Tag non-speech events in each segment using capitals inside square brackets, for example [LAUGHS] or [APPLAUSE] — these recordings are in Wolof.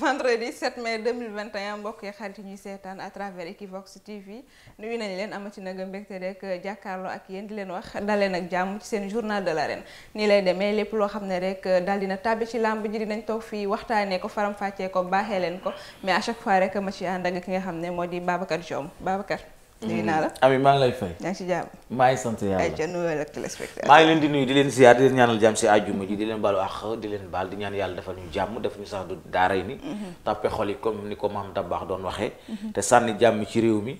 vendredi 7 mai 2021 mbokk yi xarit ñuy seetaan à travers Equivox TV nuyu nañ leen amati nag mbégte rek euh, jàkkaarloo ak yéen di leen wax dal leen ak jàmm ci seen journal de ren nii lay demee lépp loo xam ne rek euh, dal dina tàbbi ci làmb ji dinañ toog fii waxtaanee ko faram-fàccee ko baaxee leen ko mais à chaque fois rek ma ci ànd ak ki nga xam ne moo di Babacar Diome Babacar. nuyu naa la Ami maa ngi lay fay. yaa ngi ci jàmm maa ngi sant yàlla ay ca nuyoo ak téléspectateur leen di nuyu di leen ziar di leen ñaanal jàmm ci àjjuma ji di leen baalu àq di leen baal di ñaan yàlla defal ñu jàmm def ñu sax du daaray ni mhm. tàppe xol yi comme ni ko maam baax doon waxe mhm. te sànni jàmm ci réew mi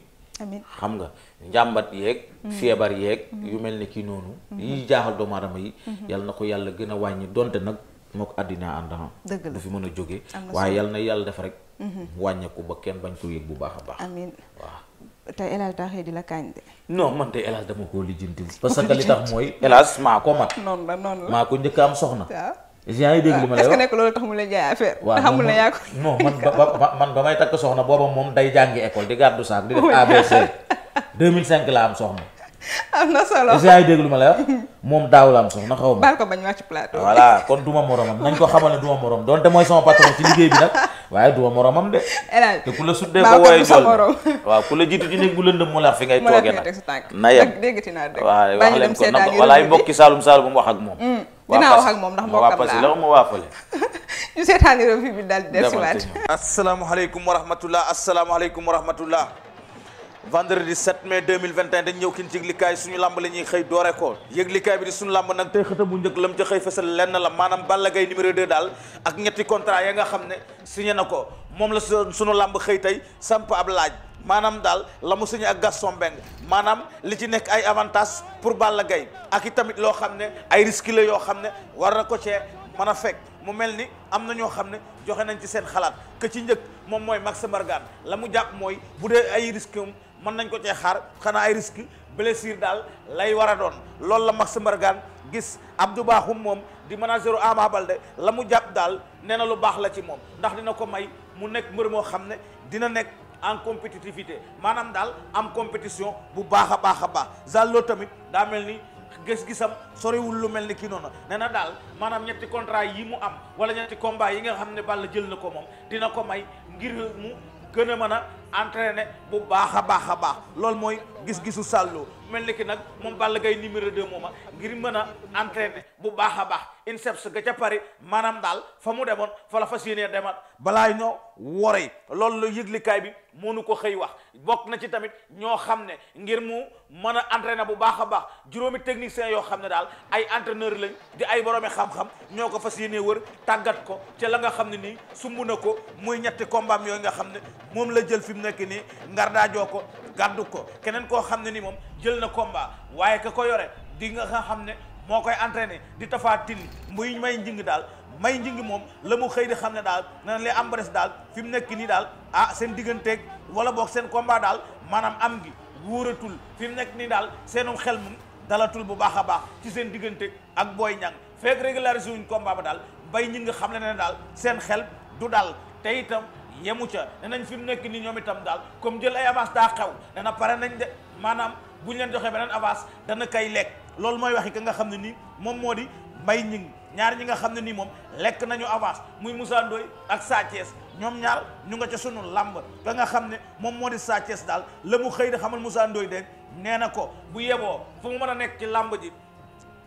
xam nga njàmbat yeeg mhm. feebar yeeg yu mel ni kii noonu yi jaaxal doomu aadama yi yàlla na ko yàlla gën a wàññi donte nag moo ko àddina àndaxam dëgg la du fi mën a jógee waaye yàlla na yàlla def rek wàññeeku ba kenn bañ ko yëg baax tey El Hadj di la kañ de. non man tey El Hadj dama koo lijjanti parce que li tax mooy El Hadj maa ko mag. noonu la noonu la maa ko njëkk am soxna. waaw yaa ngi dégg li ma lay wax est nekk loolu tax mu lay jaay affaire. waaw man ba may takk soxna booba moom day jàngi école di gàddu saak di def ABC 2005 la am soxna. am na solo est-ce que la wax moom daaw la am soxna xaw ma. baal ko bañ wàcc plateau. voilà kon duma moromam nañ ko xamal ne duma morom donte mooy sama patron ci liggéey bi nag waaye duma moromam de. te ku la suddee ko wooyee tool waaw ku la jiitu ci néeg bu lëndëm mu la fi ngay toogee nag. na yem waaw wax leen ko nag walaay mbokki Saalum Saalum wax ak moom. Mm, dinaa wax la mu waa Fale. [LAUGHS] ñu bi daal di desiwaat. asalaamaaleykum wa rahmatullah asalaamaaleykum wa rahmatullah vendredi 7 mai 2021 dañ ñëw kin ci yëglikaay suñu lamb la ñuy xëy doore ko yëglikaay bi di suñu lamb nag tey xëta bu njëkk la ak ñetti contrat ya nga xam ne signé na ko moom la suñu lamb xëy tey samp laaj maanaam daal la mu signé ak Gaston Mbengue maanaam li ci nekk ay avantage pour Balla Gaye ak i tamit loo xam ne ay risques la yoo xam ne war na ko cee mën a fekk mu mel ni am na ñoo xam ne joxe nañ ci seen xalaat que ci njëkk moom mooy Max Mbargane la mu jàpp mooy bu dee ay risques mën nañ ko cee xaar xanaa ay risque blessure daal lay war a doon loolu la Max Mbargane gis Abdou Bakhoum moom di manageru Ama Baldé la mu jàpp daal nee na lu baax la ci moom ndax dina ko may mu nekk mbër moo xam ne dina nekk en compétitivité maanaam daal am compétition bu baax a baax a baax Zallo tamit daa mel ni gis-gisam soriwul lu mel ni kii noonu nee na daal maanaam ñetti contrat yi mu am wala ñetti combat yi nga xam ne Balla jël na ko moom dina ko may ngir mu mën a entraîné bu baax a baax a baax loolu mooy gis-gisu Sàllo mel ni ki nag moom Balla Gaye numéro 2 mooma ah ngir mën a entraîné bu baax a baax INSEPS ga ca Paris maanaam daal fa mu demoon fa la fas yéenee demaat balaa ñoo wore loolu la yëglikaay bi mënu ko xëy wax bokk na ci tamit ñoo xam ne ngir mu mën a entraîné bu baax a baax juróomi technicien yoo xam ne daal ay entraîneur lañ di ay boroomi xam-xam ñoo ko fas yéenee wër tàggat ko ca la nga xam ne ni sumb na ko muy ñetti kombaam yooyu nga xam ne mu nekk nii ngar daajoo ko gàddu ko keneen koo xam ne ni moom jël na komba waaye ka ko yore di nga xam ne moo koy entraîné di tafaatin muy may njing daal may njing moom la mu xëy di xam ne daal na leen am daal fi mu nekk nii daal ah seen digganteeg wala boog seen combat daal maanaam am gi wóoratul fi mu nekk nii daal seenu xel mu dalatul bu baax a baax ci seen diggante ak booy Niang fekk régularisé wuñ combat ba daal bay ñi nga xam ne ne daal seen xel yemu ca ne nañ fi mu nekk nii ñoom itam daal comme jël ay avance daa xew dana na pare nañ de maanaam bu ñu leen joxee beneen avance dana kay lekk loolu mooy waxi ka nga xam ne nii moom moo di mbay ñing ñaar ñi nga xam ne nii moom lekk nañu avance muy Moussa ak Sa ñoom ñaar ñu nga ca sunu làmb ka nga xam ne moom moo di Sa daal la mu xëy di xamal Moussa Ndoye de nee na ko bu yeboo fu mu mën a nekk ci làmb ji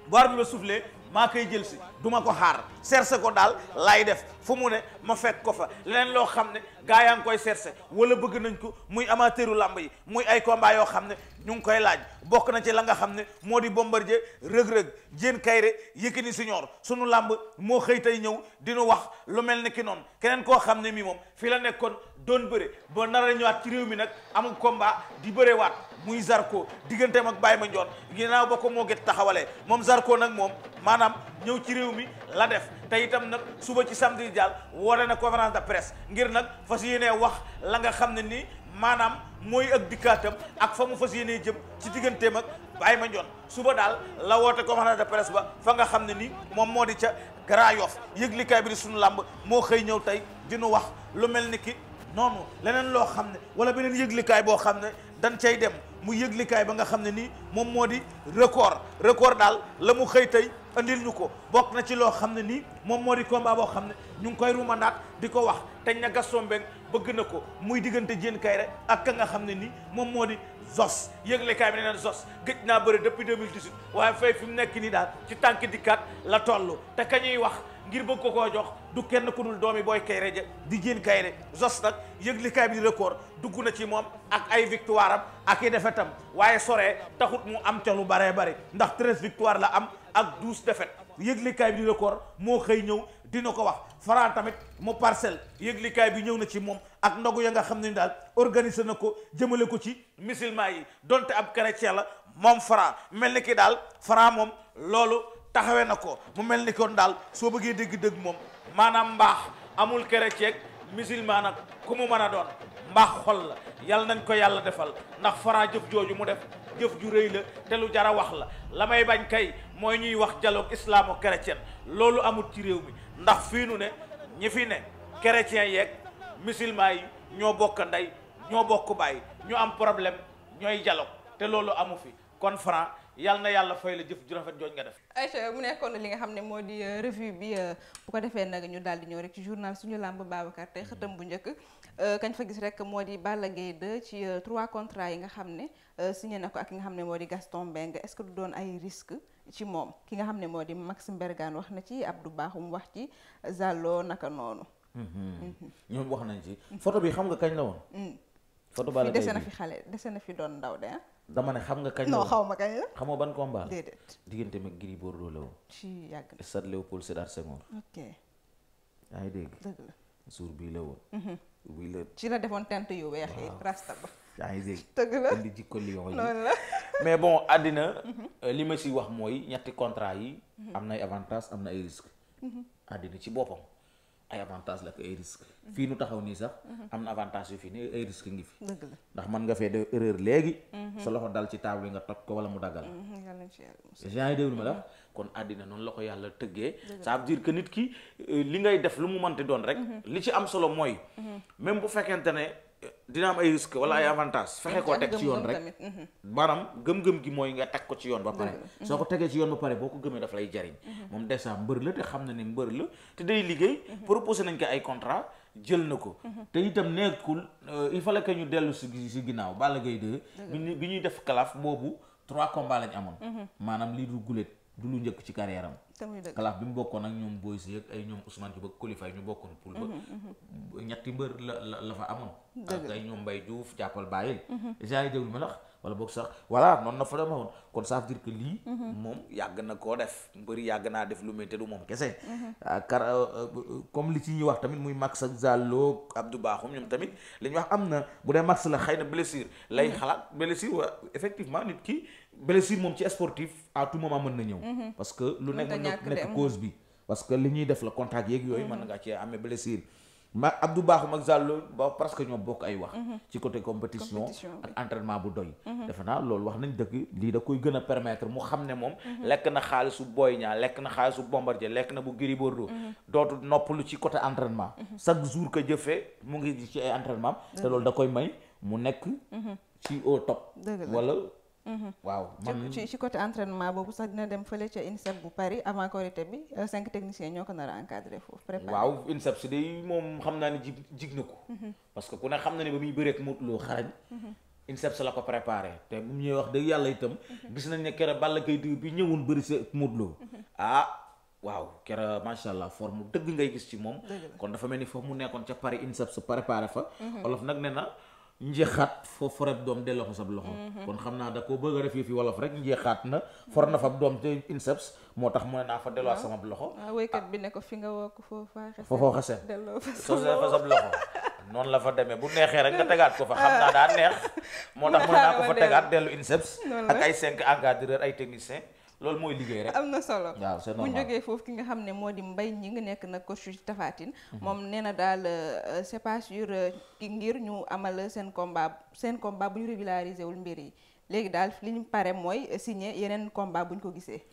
bu arbitre bi soufflé maa koy jël si duma ko xaar cherché ko daal lay def fu mu ne ma fekk ko fa leneen loo xam ne gaa yaa ngi koy cherché wala bëgg nañ ko muy amateuru làmb yi muy ay combat yoo xam ne ñu ngi koy laaj bokk na ci la nga xam ne moo di Bombardier rëg-rëg jéen kayre Yékini senior sunu làmb moo xëy tey ñëw dinu wax lu mel ni ki noonu keneen koo xam ne mii moom fi la nekkoon doon bëre ba nar a ñëwaat ci réew mi nag amul combat di bëre waat muy Zarko digganteem ak ma Mandione ginnaaw ba ko moo gét taxawalee moom Zarko nag moom maanaam ñëw ci réew mi la def tey itam nag suba ci samedi jàll woote na conférence de presse ngir nag fas yéenee wax la nga xam ne nii maanaam mooy ak dikkaatam ak fa mu fas yéenee jëm ci digganteem ak Baye Mandione suba daal la woote conférence de presse ba fa nga xam ne nii moom moo di ca Grand Yoff yëglikaay bi di sunu làmb moo xëy ñëw tey dinu wax lu mel ni ki noonu leneen loo xam ne boo xam ne dañ cay dem mu yëglikaay ba nga xam ne nii moom moo di record record daal la mu xëy tey andil ñu ko bokk na ci loo xam ne nii moom moo di combat boo xam ne ñu ngi koy rumandaat di ko wax teñ na Gaston Mbengue bëgg na ko muy diggante Diène kayre ak ka nga xam ne ni moom moo di Zos yëglekaay bi ne naan Zos gëj naa bëre depuis 2018 waaye fay fi mu nekk nii daal ci tànk dikkaat la toll te ka ñuy wax ngir bëgg ko ko jox du kenn ku dul doomi booy kayre ja di Diène kayre Zos nag yëglekaay bi di record dugg na ci moom ak ay victoire am ak i defetam waaye sore taxut mu am ca lu baree bari ndax 13 victoire la am ak 12 défaites yëglekaay bi di record moo xëy ñëw dina ko wax Franc tamit mu parcelle yëglikaay bi ñëw na ci moom ak ndogu ya nga xam ne daal organiser na ko jëmale ko ci musulman yi donte ab chrétien la moom Franc mel ni ki daal faraa moom loolu taxawee na ko mu mel ni kon daal soo bëggee dégg dëgg moom maanaam mbaax amul chrétien musulman nag ku mu mën a doon mbaax xol la yàlla nañ ko yàlla defal ndax Franc jëf jooju mu def jëf ju rëy la te lu jara wax la la may bañ kay mooy ñuy wax dialogue islamo-chrétien loolu amul ci réew mi ndax fii nu ne ñi fi ne chrétien yeeg musulman yi ñoo bokk ndey ñoo bokk bàyyi ñoo am problème ñooy dialogue te loolu amu fi kon Franc yàlla na yàlla fay la jëf ju rafet jooj nga def Aïcha mu nekkoon li nga xam ne moo di euh, revue bi euh, bu ko defee nag ñu daal di ñëw rek ci journal suñu làmb Babacar tey xëtam bu njëkk euh, kañ fa gis rek moo di Balla Gaye de ci trois contrats yi nga xam ne signé na ko ak ki nga xam ne moo di Gaston Mbengue est-ce que du doon ay risque ci moom ki nga xam ne moo di Maxime Bergane wax na ci Abdou Bakhoum wax ci Zallo naka noonu. Mhm. Mhm. ñoom wax nañ ci. foto bi xam nga kañ la woon. foto mm. ba la dese na fi xale dese na fi doon ndaw de ah. dama ne xam nga kañ la xaw ma kañ la. xamoo ban combat la déedéet. diggante mi Gris Bordeaux la woon. ci yàgg na stade Léopold Sédar Senghor. ok. yaa ngi suur bii la woon. Mhm. ci la defoon tent yu weex rasta ba. yaa ngi dégg dëgg la indi jikko lion yi mais bon àddina [LAUGHS] euh, li ma si wax mooy ñetti contrat yi am na ay avantage am na ay risque àddina ci boppam ay avantage la ak ay risque fii nu taxaw nii sax am na avantage yu fii ne ay risque ngi fi ndax man nga fee def erreur léegi mhm. sa loxo dal ci table nga toj ko wala mu daggal mhm, yaa ngi déglu ma la mhm. kon àddina noonu la ko yàlla tëggee ça veut dire que nit ki euh, li ngay def lu mu mënti doon rek li ci am solo mooy même bu fekkente ne dina am ay risque wala ay mm-hmm. avantage fexe koo teg ci yoon rek mm-hmm. maanaam gëm-gëm gi mooy nga teg ko ci yoon ba pare soo ko mm-hmm. tegee ci yoon ba pare boo ko gëmee daf lay jariñ moom déjà mbër la te xam na ne mbër la te day liggéey proposé nañ ko ay contrat jël na ko te itam nekkul euh, il fallait que ñu dellu si si ginnaaw Balla Gaye 2 bi ñuy def kalaaf boobu trois combats lañ amoon maanaam lii du guléet du lu njëkk ci carrière am tamit dëgg bi mu bokkoon ak ñoom Boy Seye ak ay ñoom Ousmane Diop ak Kolifa ñu bokkoon poul mm-hmm, mm-hmm. ba ñetti mbër la la la fa amoon ak ay ñoom Mbaye Diouf jàppal bàyyil genre mm-hmm. déglu ma lax wala boog sax voilà noonu na fa dama woon kon ça dire que lii moom yàgg na koo def mbëri yàgg naa def lu mel te du moom kese car ah, euh, euh, comme li ci ñuy wax tamit muy Max ak Zallo Abdou Bakhoum ñoom tamit li ñuy wax am na bu dee Max la xëy na blessure lay xalaat blessure wa effectivement nit ki blessure moom ci sportif à tout moment mën na ñëw. Mhm. parce que lu nekk mën na nekk cause bi. parce que li ñuy def la contact yeeg yooyu mën mhm. nga cee amee blessure. ma Abdou Bakhoum ak Zallo presque ñoo bokk ay wax. Mhm. ci côté compétition ak entraînement bu doy. defe loolu wax nañ dëgg lii da koy gën a permettre mu xam ne moom. lekk na xaalisu Boy Niang lekk na xaalisu Bombardier lekk na bu Gris Bordeaux. dootu noppalu ci côté entraînement. chaque jour que jëfee mu ngi ci ay da koy may mu Mhm. waaw man ci ci côté entraînement boobu sax dina dem fële ca INSEP bu Paris avant Korité bi euh, cinq techniciens ñoo ko nar a encadré foofu. préparé waaw INSEP si day moom xam naa ne ji jig na ko. Mhm. parce que ku ne xam na ne ba muy bëreeg Modou Lo xarañ. Mhm. INSEP sa la ko préparé te bu ñuy wax dëgg yàlla itam. gis nañ ne keroog Balla Gaye diw bi ñëwoon bëri sa Modou Lo. ah waaw keroog macha allah mu dëgg ngay gis ci moom. kon dafa mel ni foofu mu nekkoon ca Paris INSEP sa préparé fa. olof nag nee njeexaat foofu foreb doom delloo ko sab loxo mhm. kon xam naa da koo bëgg a def fi wolof rek njeexaat na for na fab doom te inseps moo tax mu ne naa fa delluwaat ah. sama loxo waaw ah, wéykat bi ne ko fi nga woo ko foofoo xasee soo see fa noonu la fa demee bu neexee rek nga tegaat ko fa xam naa daa neex [LAUGHS] moo tax mu ne naa ko fa tegaat dellu inseps ak ay cinq encadreur ay technicien loolu mooy liggéey rek am na solo waaw c'est foofu ki nga xam ne moo di mbay ñi ngi nekk nag coach ci Tafatine mhm. moom nee na daal euh, c'est pas sûr euh, ngir ñu amal seen combat seen combat bu ñu régulariser wul mbir yi léegi daal li ñu pare mooy signé yeneen combat bu ñu ko gisee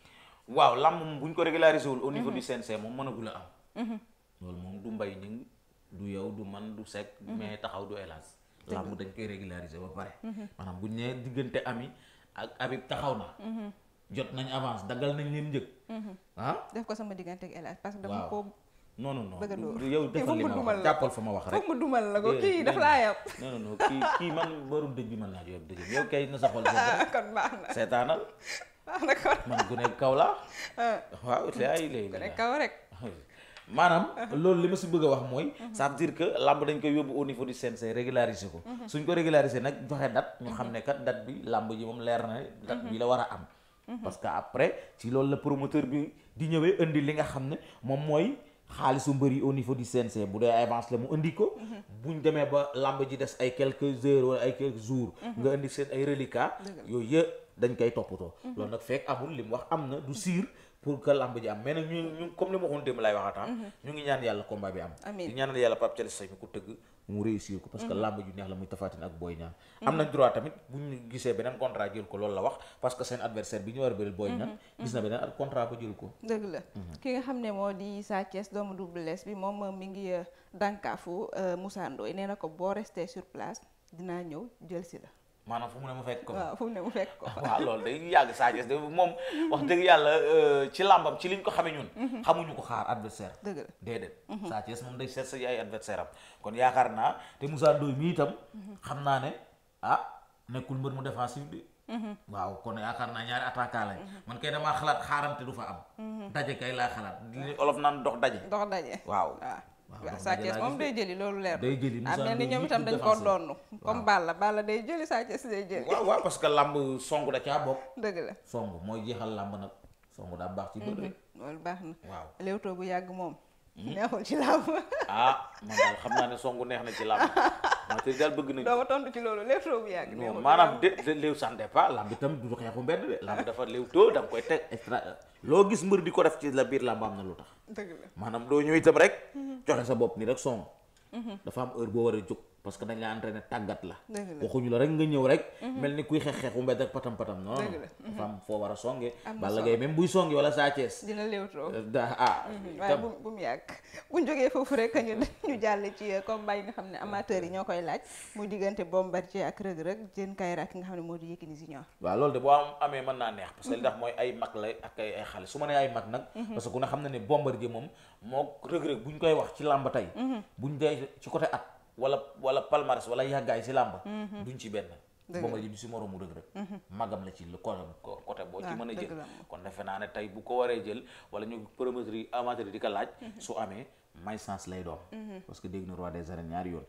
waaw lam moom bu ñu ko régulariser wul au niveau mhm. du CNC moom mënagul a am mhm. loolu moom du mbay ñi du yow du man du sec mais taxaw du hélas lamb dañ koy régulariser ba pare maanaam bu nee diggante ami ak abib taxaw jot nañ avance daggal nañ leen njëg. Mhm. ah def ko sama diggante ak El parce que dama li ma wax jàppal fa ma wax la ko kii daf laa yab. non non kii kii man [LAUGHS] ah. ah. li ma si bëgg a wax mooy mhm. ça dire que lamb dañ koy yóbbu au niveau du CNG régulariser ko mhm. suñ ko régulariser nag joxe date ñu xam ne kat date bi lamb ji moom leer na date bi la war a am parce que après ci loolu la promoteur bi di ñëwee indi li nga xam ne moom mooy xaalisu mbër yi au niveau du CNC bu dee avance la mu indi ko. buñ demee ba lamb ji des ay quelques heures wala ay quelques jours. nga indi seen ay reliquats. yooyu yëpp dañ koy toppatoo. Mhm. loolu nag fekk amul li mu wax am na du siir. pour que lamb ji am mais nag ñu comme li ma waxoon démb laay waxataan. Ah. Mhm. ñu ngi ñaan yàlla combat bi am. amiin di yàlla Pape Thialis mi ku tëgg. mu réussir ko parce que mhm. làmb ju neex la muy tafaatin ak Boy Niang mhm. am nañ droit tamit bu ñu gisee beneen contrat jël ko loolu la wax parce que seen adversaire bi ñu war a bëril Boy Niang mhm. gis na beneen contrat ba jël ko dëgg la ki nga xam ne moo di Sa Thiès doomu Double Less bi moom mi ngi euh, dànkaafu euh, Moussa Ndoye nee na ko boo resté sur place dinaa ñëw jël si la maanaam fu mu ne mu fekk ko waaw fu mu ne mu fekk ko [LAUGHS] waaw loolu day yàgg Sa Thiès de moom wax dëgg yàlla euh, ci làmbam ci liñ ko xamee ñun mhm. xamuñu ko xaar adversaire dëgg la déedéet mhm. Sa Thiès moom day seet sa ay adversaire kon yaakaar naa te Moussa Ndoye mi itam mhm. xam naa ne ah nekkul mbër mu défensif bi waaw kon yaakaar naa ñaari attaquant lañ man kay damaa xalaat xaarante du fa am daje kay laa xalaat olof naan dox daje dox daje waaw waaw Sa Thiès moom day jëli loolu leer day jëli am ah, na ni ñoom itam dañ koo doonn comme Balla Balla day Sa Thiès day jëli waaw waaw parce làmb song da caa bokk dëgg la song mooy jeexal làmb nag song daa baax ci bëri mhm, loolu baax na waaw Leewtoo bu yàgg moom Hmm? neexul ci làmb. [LAUGHS] ah man na xam naa ne songu neex na ci làmb. man te bëgg nañu. doo ma tontu ci loolu lépp trop bu yàgg. non maanaam de de léew sànde pas làmb itam du xeexu mbedd de. làmb dafa léew too da koy teg loo gis mbër di ko def ci la biir làmb na lu tax. dëgg la maanaam doo ñëw itam rek. Mm-hmm. joxe sa bopp nii rek song. Mm-hmm. dafa am heure boo war a jóg. parce que dañ la entraîné tàggat la waxuñu la rek nga ñëw rek mhm. mel ni kuy xeex-xeex bu mbedd ak patam patam non non mhm. foo war a songe Balla Gaye même buy Sa Thiès dina léewtoo euh, da ah mhm. waaye bu bu mu yàgg buñ jógee foofu rek ñu ñu euh, nga xam ne amateurs yi ñoo koy laaj muy diggante Bombardier ak Reug Reug Diène Kaïré ak ki nga xam ne moo di Yékini Junior waaw loolu de boo am amee mën naa neex parce que li mooy ay mag la ak ay xale su ma nee ay mag nag parce ku ne xam na ne Bombardier moom moo Reug bu buñ koy wax ci làmb tey buñ dee ci côté at wala wala palmarès wala yàggaay si làmb mhm. duñ ci benn Bombardier du si moromu Reug Reug mhm. magam la ci le côté boo ci ah, mën a jël kon defe naa ne tey bu ko waree jël wala ñu promoteur yi amateur yi di ko laaj mhm. su amee may sens lay doon parce que dégg na roi des arènes ñaari yoon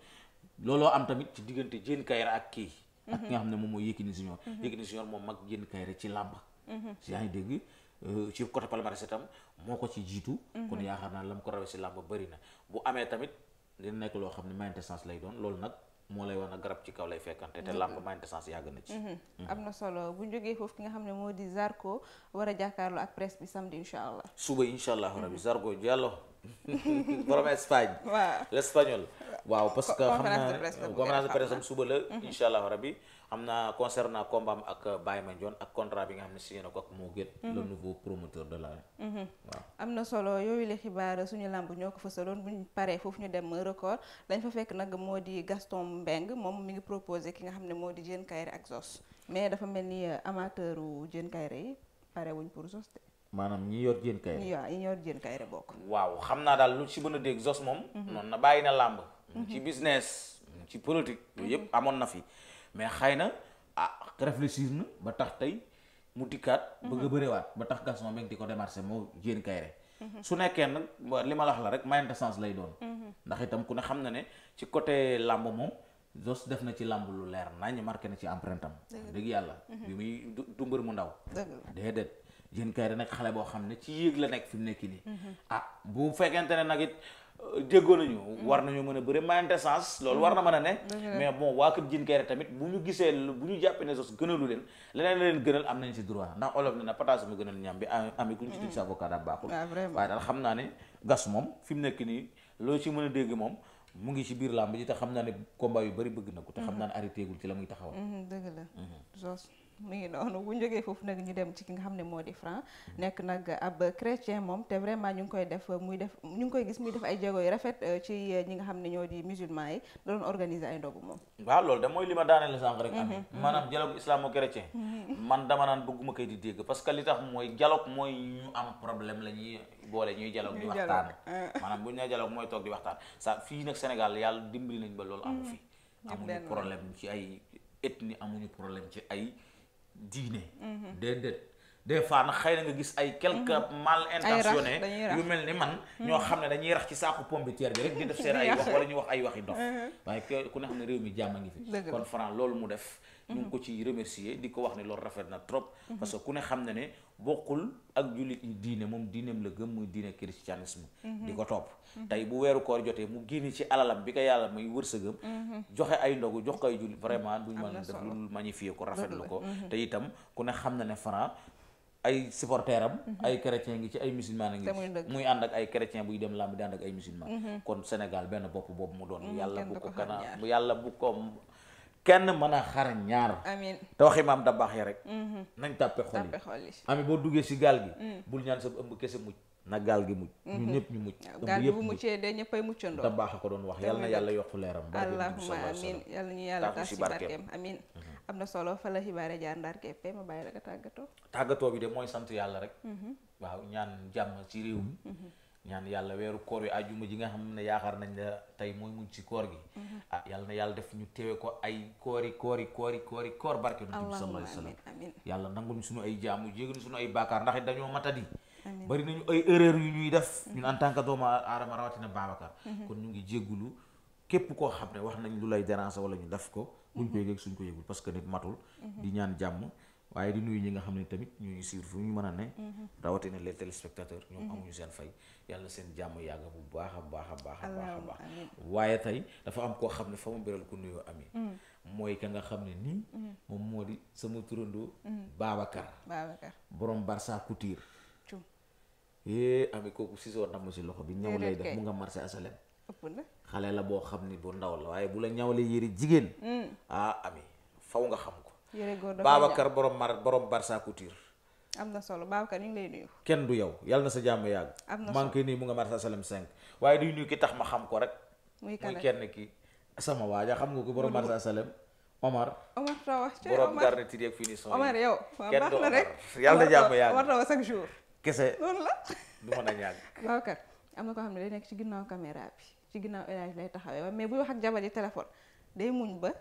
looloo am tamit ci diggante Diène Kaïré ak kii ak ki xam ne moom mooy Yékini Junior Yékini Junior moom mag Diène Kaïré ci làmb si dégg euh, ci côté palmarès itam moo ko ci jiitu kon yaakaar naa la mu ko rawee dina nekk loo xam ne mayante sens lay doon loolu nag moo lay wan a garab ci kaw lay fekkante te làmb mayante sens yàgg na ci mhm. Mhm. am na solo bu ñu foofu ki nga xam ne moo di Zarko war a jàkkaarloo ak presse bi samedi insha allah suba insha allah rabbi mhm. Zarko Diallo [LAUGHS] borom Espagne [LAUGHS] waaw l'espagnol waaw parce que xam naa conférence de presse am suba la incha allah xam naa concernant combat am ak ma Mandione ak contrat bi nga xam ne si na ko ak Mo Gates mhm. mhm. am na solo yooyu la xibaar suñu làmb ñoo ko fësaloon buñ paree foofu ñu dem record lañ fa fekk nag moo di Gaston Mbengue moom mi ngi proposé ki nga xam ne moo di Diène Kairé ak Zos mais dafa mel ni euh, amateur u Diène Kairé yi pare wuñ pour Zos de maanaam ñi yor Diène Kairé waaw ñi yor Diène Kairé bokk waaw xam naa daal lu si mën a dégg Zos moom mhm. noonu na bàyyi na làmb Mm-hmm. ci business ci politique yooyu yëpp mm-hmm. amoon na fi mais xëy na ah réfléchir na ba tax tey mu dikkaat mm-hmm. bëgg a bëriwaat ba tax Gaston Mbengue di ko démarché moo jéen kayre su nekkee nag li ma la wax la rek mayante sens lay doon ndax itam ku ne xam na ne ci côté làmb moom Zoss def na ci làmb lu leer nañ marqué na ci empreinte am dëgg yàlla bi muy du mbër mu ndaw déedéet jéen kayre nag xale boo xam ne ci yéeg la nekk fi mu nekki nii ah bu fekkente ne nag déggoo nañu mm-hmm. war nañu mën a bëri mayante sens loolu war na mën a ne mm-hmm. mais bon waa kër Jin Kayre tamit bu ñu gisee bu ñu jàppee ne sos gënalu leen leneen leen gënal am nañ si droit ndax olof ne na pataas mu gënal ñam bi ami ku ñu ci tudd mm. sa avocat daal baaxul ah, waaye daal xam naa ne gas moom fi mu nekk nii loo ci mën a dégg moom mu ngi ci biir làmb ji te xam naa ne combat yu bari bëgg na ko te xam mm-hmm. naa ne arrêté ci la muy taxawal dëgg la mu ngi noonu bu ñu jógee foofu nag ñu dem ci ki nga xam ne moo di Franc nekk nag ab chrétien moom te vraiment ñu ngi koy def muy def ñu ngi koy gis muy def ay jéego yu rafet euh, ci euh, ñi nga xam ne ñoo di musulman yi da doon organiser ay ndogu moom waaw loolu da mooy li ma daaneel sànq rek mhm. am maanaam dialogue islamo-chrétien mhm. man dama naan bëgguma koy di dégg parce que li tax mooy dialogue mooy ñu am problème la ñuy boole ñuy dialogue di waxtaan euh. maanaam bu ñu nee dialogue mooy toog di waxtaan sa fii nag Sénégal yàlla dimbali nañ ba loolu amu mhm. fi amuñu problème ci ay ethnie amuñu problème ci ay diine mhm. déedéet des fois nag xëy na nga gis ay quelques mhm. mal intentionné yu mel ni man mhm. ñoo xam ne dañuy rax ci saaku pombiteer bi rek di def seen ay [LAUGHS] wax wala ñuy wax ay waxi dof mhm. waaye ku ne xam ne réew mi jàmm a ngi fi kon loolu mu def ñu ngi ko ci remercier di ko wax ne loolu rafet na trop parce que ku ne xam ne ne bokkul ak jullit diine moom diineem la gëm muy diine christianisme di ko topp tey bu weeru koor jotee mu génn ci alalam bi ko yàlla muy wërsëgam joxe ay ndogu jox ko ay jullit vraiment duñu mën def lu magnifier ko rafetlu ko te itam ku ne xam na ne Franc ay supporter am mhm. ay chrétien ngi ci ay musulman ngi ci muy ànd ak ay chrétien buy dem làmb di ànd ak ay musulman mhm. kon Sénégal benn bopp boobu mu doon mhm, yàlla bu ko kana yàlla bu ko kenn mën a xar ñaar amiin te waxi maam da baax ya rek nañ tàppe xol yi ami boo duggee si gaal gi bul ñaan sa ëmb kese mucc na gaal gi mucc ñu ñëpp ñu mucc gaal gi bu muccee de ñëppay muccandoo da baax a ko doon wax yàlla na yàlla yokk leeram allahumma amiin yàlla ñu yàlla si barkeem amiin am na solo fa la xibaare jaar Ndar Keppe ma bàyyi la nga tàggatoo. tàggatoo bi de mooy sant yàlla rek. Mhm. waaw ñaan jàmm ci réew mi. Mhm. ñaan yàlla weeru koor wi ajuma ji nga xam ne yaakaar nañ ne tey mooy mujj ci koor gi. Mhm. ah yàlla na yàlla def ñu teewe ko ay koori koori koori koori koor barke. allahumma amiin amiin yàlla nangul ñu sunu ay jaamu jéggal ñu sunu ay baakaar ndax dañoo matadi. bari nañu ay erreur yu ñuy def. ñun en tant que doomu aadama rawatina Babacar. kon ñu ngi buñ ko yëgee suñ ko yëgul parce que nit matul di ñaan jàmm waaye di nuyu ñi nga xam ne tamit ñuy suivre fu ñu mën a ne rawatina les téléspectateurs ñoom mhm. amuñu seen fay yàlla seen jàmm yàgg bu baax a baax a baax a baax a baax waaye tey dafa am koo xam ne fa mu beral ko ami mhm. mooy ka nga xam ne nii mhm. moom moo di sama turandoo Babacar Babacar borom Barça Couture eh, ami kooku si soo damm si loxo bi ñaw lay def mu nga marché asalem ëpp na xale la boo xam ni bu ndaw la waaye bu la ñawalee yére jigéen mm. ah ami faw nga xam ko Babacar borom mar borom Barça Couture am na solo Babacar ñu ngi lay nuyu kenn du yow yàlla na sa jàmm yàgg maa ngi koy nuyu mu nga marsa salam waaye duy nuyu ki tax ma xam ko rek muy kenn ki sama waaja xam nga ko borom marsa salam Omar Omar Tawa borom garniture ak finition Omar yow kenn du [LAUGHS] a ñàkk Babacar am na ko xam ne day nekk ci ginnaaw caméra bi ci ginnaaw Orange lay taxawee mais buy wax ak jabar yi téléphone day muñ ba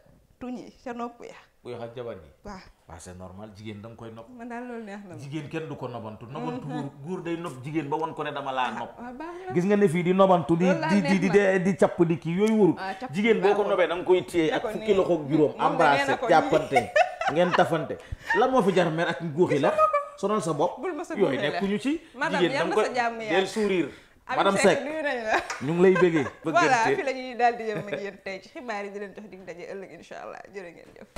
tuñ yi ca nopp ya buy wax ak jabar yi waaw waaw normal jigéen da nga koy nopp man daal loolu neex na jigéen kenn du ko nobantu [LAUGHS] nobantu góor day nopp jigéen ba won ko ne dama laa ah, gis nga ne fii di nobantu di di di di capp di kii yooyu warul ah, jigéen boo ko nobee nga koy téye ak fukki loxoog juróom embrassé jàppante [LAUGHS] ngeen tafante lan moo fi jar mer ak góoxi la sonal sa bopp yooyu nekkuñu ci jigéen da nga koy del sourire madame Seck ñu ngi lay bëggee. [LAUGHS] voilà fi daal di yem ak yéen tey ci xibaar yi di leen jox dig daje ëllëg incha allah jërë ngeen jëf.